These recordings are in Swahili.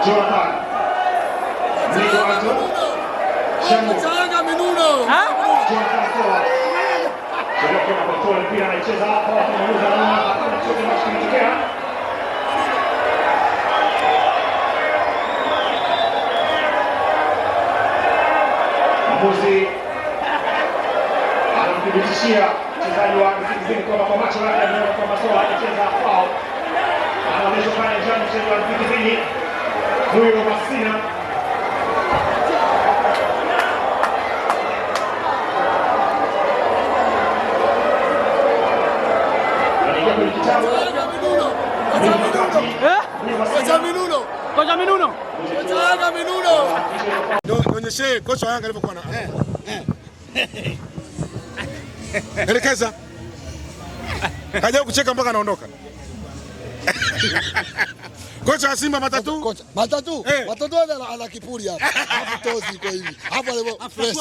Jonathan. Nico Alto. Scemo. Eh? Jonathan Sola. Se lo chiama per cuore il Pirana e Cesar, porta in usa la condizione maschile che ha. Così, alla fine ci sia Cesario anche si viene con la Tomaccio, la Tomaccio, la Cesario, ha messo fare già un segno al huyo Masina kocha Minuno, nionyeshe kocha Yanga alivyokuwa na eh, eh. elekeza, kaja kucheka mpaka anaondoka. Kocha wa Simba matatu. Kocha matatu. Hey. Eh. Matatu ana ana kipuri hapa. Hapo tozi iko hivi. Hapo leo fresh.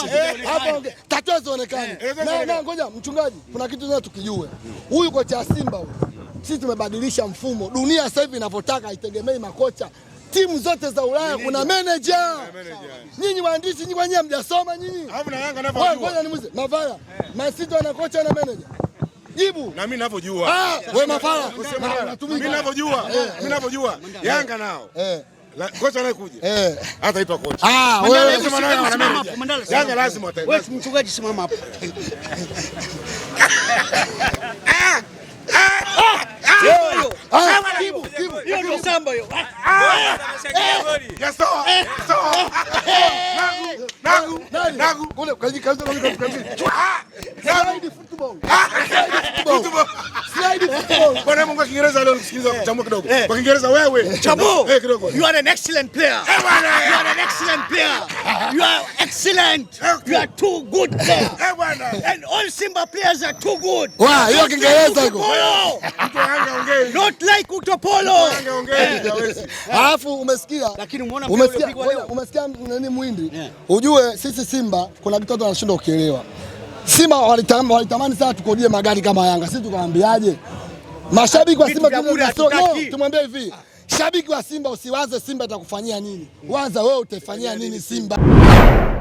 Hapo tatu zionekane. Eh, na na ngoja mchungaji, kuna kitu tunataka tukijue. Huyu kocha wa Simba huyu. Sisi tumebadilisha mfumo. Dunia sasa hivi inavyotaka haitegemei makocha. Timu zote za Ulaya kuna manager. Nyinyi waandishi nyinyi wenyewe mjasoma nyinyi. Hapo na Yanga ndio. Ngoja nimuze. Mavara. Masito ana kocha na manager jibu. Na mimi ninavyojua. Ah, wewe mafala. Mimi ninavyojua. Mimi ninavyojua. Yanga nao. Kocha anayekuja. Eh. Hataitwa kocha. Ah, wewe simama hapo. Yanga lazima ataenda. Wewe mchungaji simama hapo. Nangu, nangu, nangu. Kule, kaji ah, ah, ah, ah Bwana Mungu, kwa Kiingereza leo kuchambua kidogo. Kwa Kiingereza wewe. Eh, kidogo. You are an excellent player. Eh, bwana. You are an excellent player. You are excellent. You are too good player. Eh, bwana. And all Simba players are too good. Wa, hiyo Kiingereza hiyo. Anga ongei. Not like Utopolo. Anga ongei. Alafu umesikia? Lakini umeona umesikia nani Muhindi? Ujue sisi Simba kuna kitu tunashindwa kukielewa. Simba walitam, walitamani sana tukodie magari kama Yanga, sisi tukawaambiaje? Mashabiki wa Simba tumwambie hivi, shabiki wa Simba usiwaze Simba itakufanyia nini, waza wewe utaifanyia nini Simba.